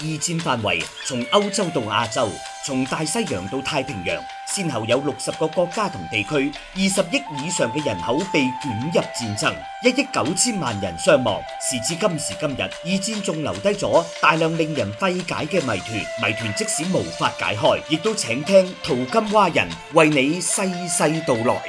二戰範圍，從歐洲到亞洲，從大西洋到太平洋，先後有六十個國家同地區，二十億以上嘅人口被捲入戰爭，一億九千萬人傷亡。時至今時今日，二戰仲留低咗大量令人費解嘅謎團，謎團即使無法解開，亦都請聽淘金蛙人為你細細道來。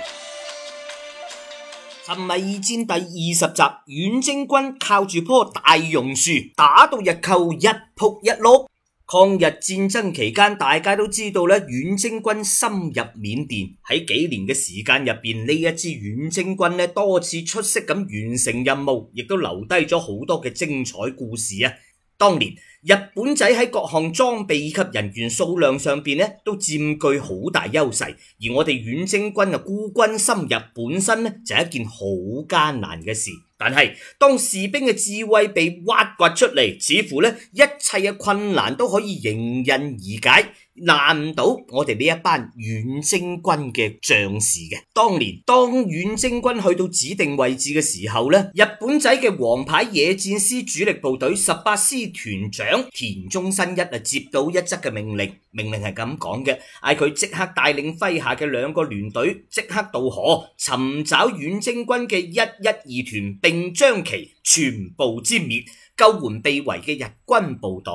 《尋迷二戰》第二十集，遠征軍靠住棵大榕樹，打到日寇一撲一碌。抗日戰爭期間，大家都知道咧，遠征軍深入緬甸，喺幾年嘅時間入邊，呢一支遠征軍咧多次出色咁完成任務，亦都留低咗好多嘅精彩故事啊！當年日本仔喺各項裝備以及人員數量上邊呢，都佔據好大優勢。而我哋遠征軍嘅孤軍深入，本身呢，就係一件好艱難嘅事。但係當士兵嘅智慧被挖掘出嚟，似乎呢一切嘅困難都可以迎刃而解。難唔到我哋呢一班遠征軍嘅將士嘅。當年當遠征軍去到指定位置嘅時候咧，日本仔嘅王牌野戰師主力部隊十八師團長田中新一啊，接到一則嘅命令，命令係咁講嘅，嗌佢即刻帶領麾下嘅兩個聯隊即刻渡河，尋找遠征軍嘅一一二團，並將其全部殲滅。救援被圍嘅日軍部隊，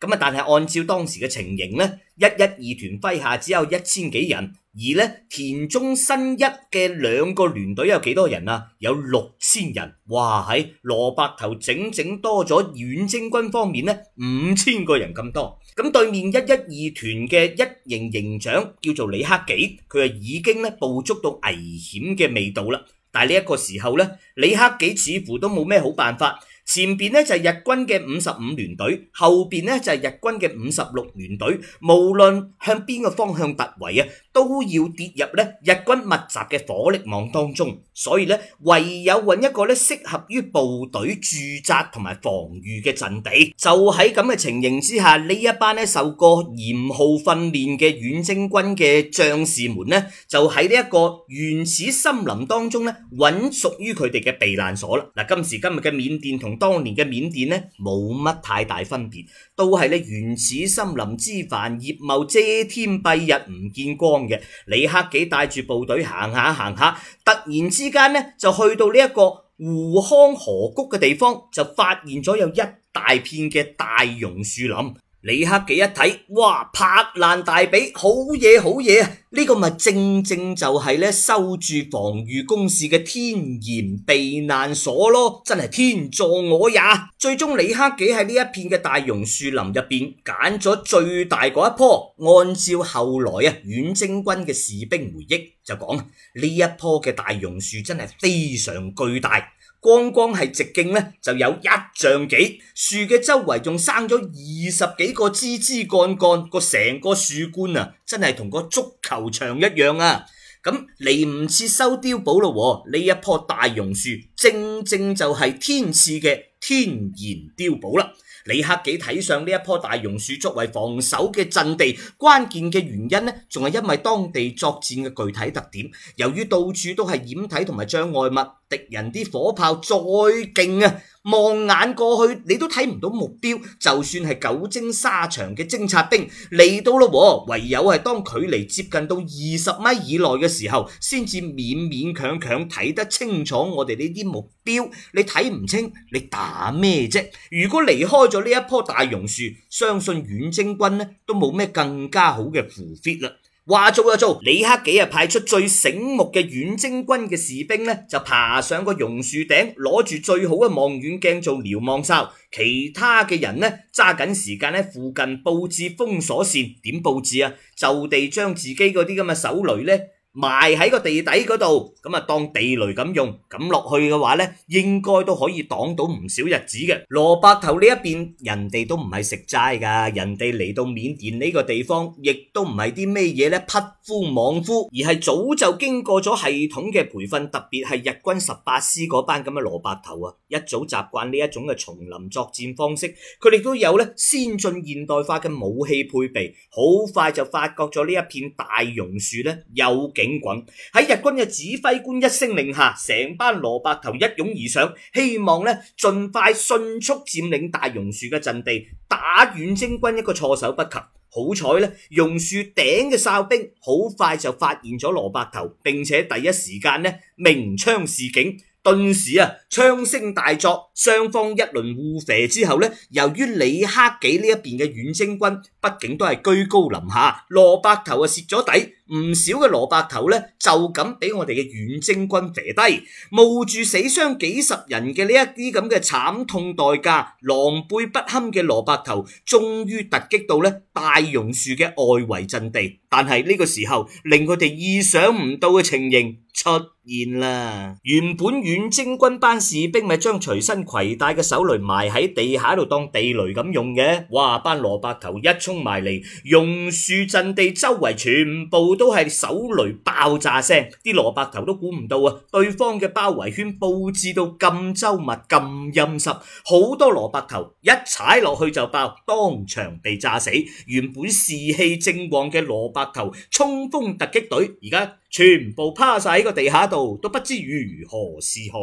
咁啊！但係按照當時嘅情形咧，一一二團麾下只有一千幾人，而咧田中新一嘅兩個聯隊有幾多人啊？有六千人，哇喺羅卜頭整整多咗遠征軍方面咧五千個人咁多。咁對面一一二團嘅一營營長叫做李克己，佢啊已經咧捕捉到危險嘅味道啦。但係呢一個時候呢，李克己似乎都冇咩好辦法。前邊咧就係日軍嘅五十五聯隊，後邊咧就係日軍嘅五十六聯隊。無論向邊個方向突圍啊，都要跌入咧日軍密集嘅火力網當中。所以呢，唯有揾一個咧適合於部隊駐紮同埋防禦嘅陣地。就喺咁嘅情形之下，呢一班咧受過嚴酷訓練嘅遠征軍嘅將士們呢，就喺呢一個原始森林當中咧搵屬於佢哋嘅避難所啦。嗱，今時今日嘅緬甸同當年嘅緬甸咧，冇乜太大分別，都係咧原始森林枝繁葉茂遮天蔽日唔見光嘅。李克己帶住部隊行下行下，突然之間咧就去到呢一個胡康河谷嘅地方，就發現咗有一大片嘅大榕樹林。李克己一睇，哇！拍爛大髀，好嘢，好嘢！呢個咪正正就係咧修築防禦工事嘅天然避難所咯，真係天助我也！最終李克己喺呢一片嘅大榕樹林入邊揀咗最大嗰一棵，按照後來啊遠征軍嘅士兵回憶就講，呢一棵嘅大榕樹真係非常巨大。光光係直徑呢，就有一丈幾，樹嘅周圍仲生咗二十幾個枝枝幹幹，個成個樹冠啊，真係同個足球場一樣啊！咁嚟唔切收碉堡咯，啊，呢一棵大榕樹正正就係天賜嘅天然碉堡啦。李克己睇上呢一棵大榕樹作為防守嘅陣地，關鍵嘅原因呢，仲係因為當地作戰嘅具體特點，由於到處都係掩體同埋障礙物。敵人啲火炮再勁啊，望眼過去你都睇唔到目標，就算係久經沙場嘅偵察兵嚟到咯，唯有係當距離接近到二十米以內嘅時候，先至勉勉強強睇得清楚我哋呢啲目標。你睇唔清，你打咩啫？如果離開咗呢一棵大榕樹，相信遠征軍呢都冇咩更加好嘅伏貼啦。話做就做，李克己啊派出最醒目嘅遠征軍嘅士兵呢，就爬上個榕樹頂，攞住最好嘅望遠鏡做瞭望哨；其他嘅人呢，揸緊時間咧，附近布置封鎖線。點布置啊？就地將自己嗰啲咁嘅手雷呢。埋喺個地底嗰度，咁啊，當地雷咁用，咁落去嘅話呢，應該都可以擋到唔少日子嘅。蘿蔔頭呢一邊，人哋都唔係食齋噶，人哋嚟到緬甸呢個地方，亦都唔係啲咩嘢呢匹夫莽夫，而係早就經過咗系統嘅培訓，特別係日軍十八師嗰班咁嘅蘿蔔頭啊，一早習慣呢一種嘅叢林作戰方式，佢哋都有呢先進現代化嘅武器配備，好快就發覺咗呢一片大榕樹呢有幾。頂滾喺日軍嘅指揮官一聲令下，成班蘿蔔頭一擁而上，希望呢盡快迅速占領大榕樹嘅陣地，打遠征軍一個措手不及。好彩呢，榕樹頂嘅哨兵好快就發現咗蘿蔔頭，並且第一時間呢鳴槍示警，頓時啊槍聲大作，雙方一輪互射之後呢，由於李克己呢一邊嘅遠征軍畢竟都係居高臨下，蘿蔔頭啊蝕咗底。唔少嘅蘿蔔頭呢，就咁俾我哋嘅遠征軍射低，冒住死傷幾十人嘅呢一啲咁嘅慘痛代價，狼狽不堪嘅蘿蔔頭終於突擊到呢大榕樹嘅外圍陣地，但係呢個時候令佢哋意想唔到嘅情形出現啦。原本遠征軍班士兵咪將隨身攜帶嘅手雷埋喺地下度當地雷咁用嘅，哇！班蘿蔔頭一衝埋嚟，榕樹陣地周圍全部。都係手雷爆炸聲，啲蘿蔔頭都估唔到啊！對方嘅包圍圈佈置到咁周密，咁陰濕，好多蘿蔔頭一踩落去就爆，當場被炸死。原本士氣正旺嘅蘿蔔頭衝鋒突擊隊，而家。全部趴晒喺個地下度，都不知如何是好。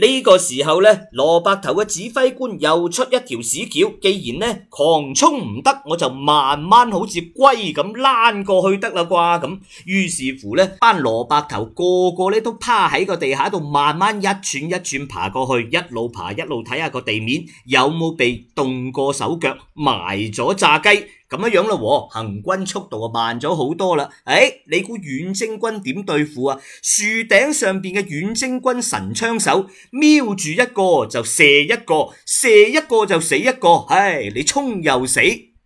呢個時候呢，蘿蔔頭嘅指揮官又出一條屎橋。既然呢，狂衝唔得，我就慢慢好似龜咁攋過去得啦啩咁。於是乎呢，班蘿蔔頭個個呢都趴喺個地下度，慢慢一寸一寸爬過去，一路爬一路睇下個地面有冇被動過手腳埋咗炸雞。咁樣樣咯，行軍速度啊慢咗好多啦。誒、哎，你估遠征軍點對付啊？樹頂上邊嘅遠征軍神槍手瞄住一個就射一個，射一個就死一個。唉、哎，你衝又死，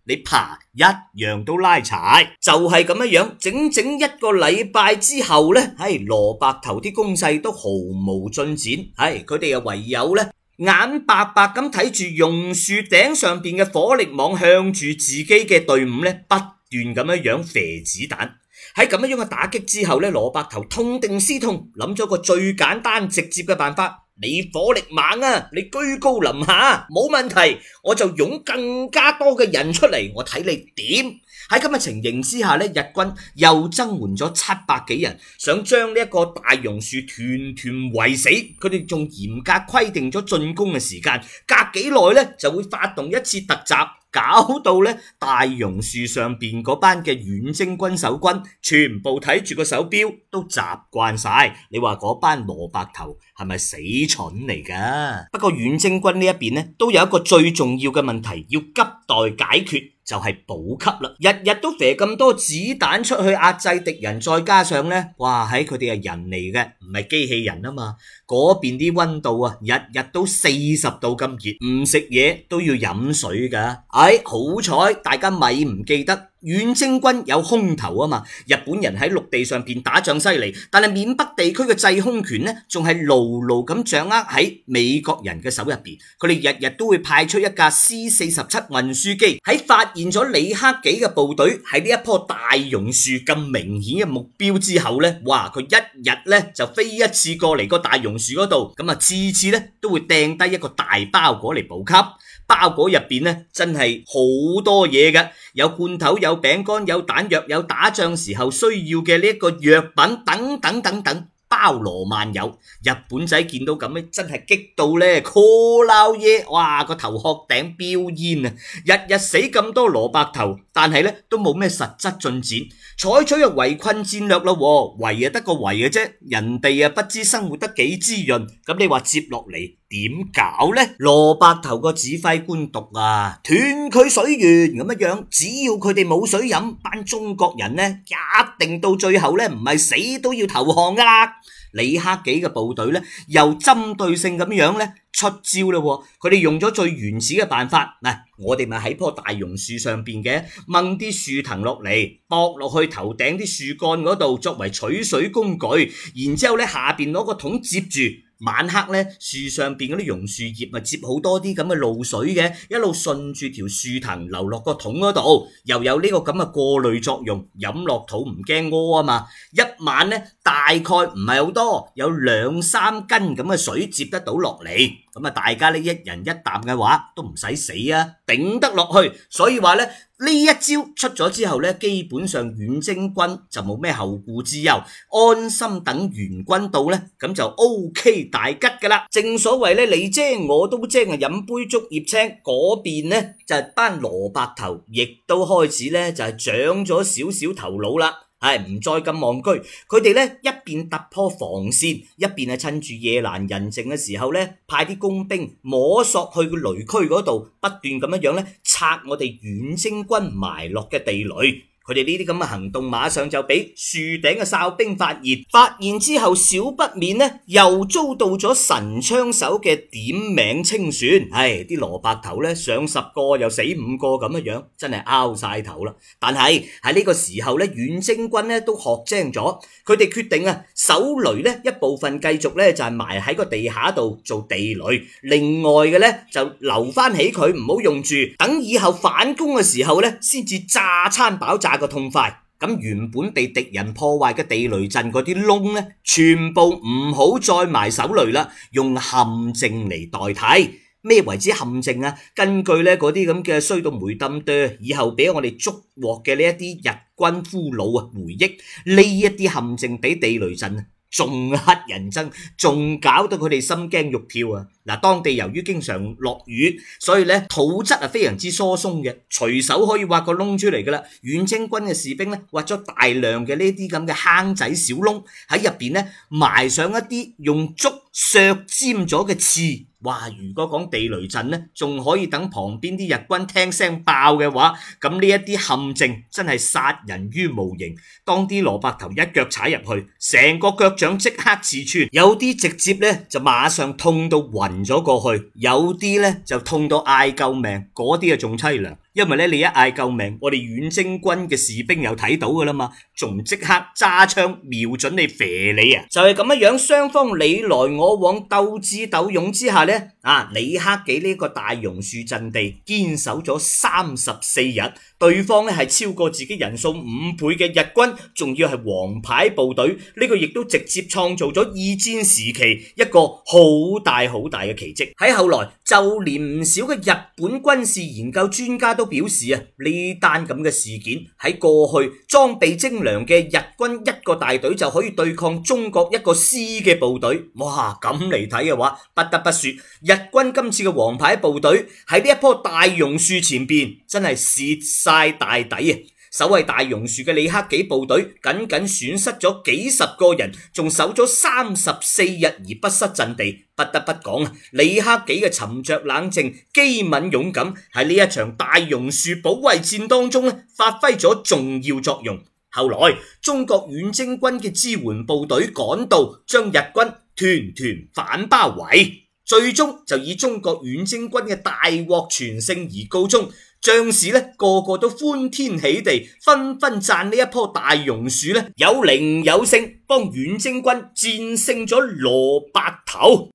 你爬一樣都拉柴。就係咁樣樣，整整一個禮拜之後咧，唉、哎，蘿蔔頭啲攻勢都毫無進展。唉、哎，佢哋又唯有咧。眼白白咁睇住榕樹頂上邊嘅火力網，向住自己嘅隊伍咧，不斷咁樣樣射子彈。喺咁樣樣嘅打擊之後呢，蘿蔔頭痛定思痛，諗咗個最簡單直接嘅辦法：你火力猛啊，你居高臨下，冇問題，我就用更加多嘅人出嚟，我睇你點。喺噉嘅情形之下呢，日軍又增援咗七百幾人，想將呢一個大榕樹團團圍死。佢哋仲嚴格規定咗進攻嘅時間，隔幾耐咧就會發動一次突襲，搞到咧大榕樹上面嗰班嘅遠征軍守軍全部睇住個手錶都習慣晒。你話嗰班蘿蔔頭係咪死蠢嚟㗎？不過遠征軍呢一邊咧，都有一個最重要嘅問題要急待解決。就係補給啦，日日都射咁多子彈出去壓制敵人，再加上呢，哇，喺佢哋係人嚟嘅，唔係機器人啊嘛，嗰邊啲溫度啊，日日都四十度咁熱，唔食嘢都要飲水噶，唉、哎，好彩大家咪唔記得。遠征軍有空投啊嘛，日本人喺陸地上邊打仗犀利，但係緬北地區嘅制空權呢，仲係牢牢咁掌握喺美國人嘅手入邊。佢哋日日都會派出一架 C 四十七運輸機，喺發現咗李克己嘅部隊喺呢一棵大榕樹咁明顯嘅目標之後呢，哇！佢一日呢就飛一次過嚟個大榕樹嗰度，咁啊次次呢都會掟低一個大包裹嚟補給。包裹入邊呢，真係好多嘢嘅，有罐頭，有餅乾，有彈藥，有打仗時候需要嘅呢一個藥品等等等等，包羅萬有。日本仔見到咁呢，真係激到呢，「call 撈耶！哇，個頭殼頂飆煙啊！日日死咁多蘿蔔頭，但係呢都冇咩實質進展，採取入圍困戰略啦，圍啊得個圍嘅啫，人哋啊不知生活得幾滋潤，咁你話接落嚟？點搞呢？蘿蔔頭個指揮官毒啊，斷佢水源咁樣樣，只要佢哋冇水飲，班中國人呢，一定到最後呢，唔係死都要投降噶啦。李克己嘅部隊呢，又針對性咁樣呢？出招嘞！佢哋用咗最原始嘅辦法，啊、我哋咪喺棵大榕樹上面嘅掹啲樹藤落嚟，駁落去頭頂啲樹幹嗰度作為取水工具，然之後咧下面攞個桶接住。晚黑咧樹上面嗰啲榕樹葉咪接好多啲咁嘅露水嘅，一路順住條樹藤流落個桶嗰度，又有呢個咁嘅過濾作用，飲落肚唔驚屙啊嘛！一晚咧大概唔係好多，有兩三斤咁嘅水接得到落嚟。咁啊，大家呢一人一啖嘅話都唔使死啊，頂得落去。所以話呢，呢一招出咗之後呢，基本上遠征軍就冇咩後顧之憂，安心等援軍到呢，咁就 OK 大吉噶啦。正所謂呢，你精我都精啊，飲杯竹葉青嗰邊呢，就係班蘿蔔頭，亦都開始呢，就係長咗少少頭腦啦。係唔、哎、再咁戇居，佢哋呢一邊突破防線，一邊係趁住夜闌人靜嘅時候呢，派啲工兵摸索去個雷區嗰度，不斷咁樣拆我哋遠征軍埋落嘅地雷。佢哋呢啲咁嘅行動，馬上就俾樹頂嘅哨兵發現。發現之後，少不免呢又遭到咗神槍手嘅點名清算。唉，啲蘿蔔頭呢上十個又死五個咁嘅樣，真係拗晒頭啦！但係喺呢個時候呢，遠征軍呢都學精咗，佢哋決定啊手雷呢一部分繼續呢就係埋喺個地下度做地雷，另外嘅呢就留翻起佢唔好用住，等以後反攻嘅時候呢先至炸餐飽炸。打個痛快，咁原本被敵人破壞嘅地雷陣嗰啲窿呢，全部唔好再埋手雷啦，用陷阱嚟代替。咩為之陷阱啊？根據呢嗰啲咁嘅衰到梅登多，以後俾我哋捉獲嘅呢一啲日軍俘虜啊，回憶呢一啲陷阱俾地雷陣啊，仲乞人憎，仲搞到佢哋心驚肉跳啊！嗱，當地由於經常落雨，所以咧，土質係非常之疏鬆嘅，隨手可以挖個窿出嚟噶啦。遠征軍嘅士兵咧，挖咗大量嘅呢啲咁嘅坑仔小窿，喺入邊咧埋上一啲用竹，削尖咗嘅刺，話如果講地雷陣呢，仲可以等旁邊啲日軍聽聲爆嘅話，咁呢一啲陷阱真係殺人於無形。當啲蘿卜頭一腳踩入去，成個腳掌即刻刺穿，有啲直接呢就馬上痛到暈咗過去，有啲呢就痛到嗌救命，嗰啲啊仲凄涼。因為咧，你一嗌救命，我哋遠征軍嘅士兵又睇到噶啦嘛，仲即刻揸槍瞄準你肥你啊！就係咁樣樣，雙方你來我往鬥智鬥勇之下呢，啊，李克己呢個大榕樹陣地堅守咗三十四日，對方咧係超過自己人數五倍嘅日軍，仲要係王牌部隊，呢個亦都直接創造咗二戰時期一個好大好大嘅奇蹟。喺後來，就連唔少嘅日本軍事研究專家都。都表示啊，呢單咁嘅事件喺過去裝備精良嘅日軍一個大隊就可以對抗中國一個師嘅部隊，哇！咁嚟睇嘅話，不得不說，日軍今次嘅王牌部隊喺呢一棵大榕樹前邊，真係蝕晒大底啊！守衛大榕樹嘅李克己部隊，僅僅損失咗幾十個人，仲守咗三十四日而不失陣地。不得不講啊，李克己嘅沉着冷靜、機敏勇敢喺呢一場大榕樹保衛戰當中咧，發揮咗重要作用。後來中國遠征軍嘅支援部隊趕到，將日軍團團反包圍，最終就以中國遠征軍嘅大獲全勝而告終。將士咧個個都歡天喜地，紛紛讚呢一棵大榕樹，有靈有性，幫遠征軍戰勝咗蘿蔔頭。